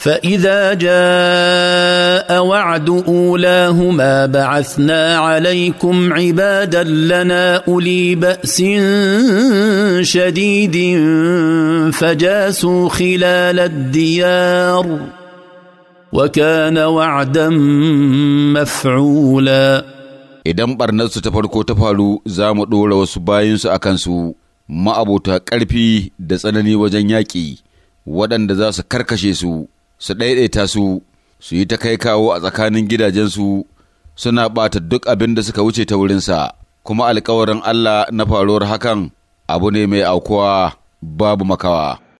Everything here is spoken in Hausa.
فإذا جاء وعد أولاهما بعثنا عليكم عبادا لنا أولي بأس شديد فجاسوا خلال الديار وكان وعدا مفعولا idan ɓarnarsu ta farko ta faru za mu ɗora wasu bayansu a kansu ma'abota ƙarfi da tsanani wajen yaƙi waɗanda za su karkashe su su ɗaiɗaita su su yi ta kai kawo a tsakanin gidajensu suna ɓata duk abin da suka wuce ta wurinsa kuma alkawarin Allah na faruwar hakan abu ne mai aukuwa babu makawa.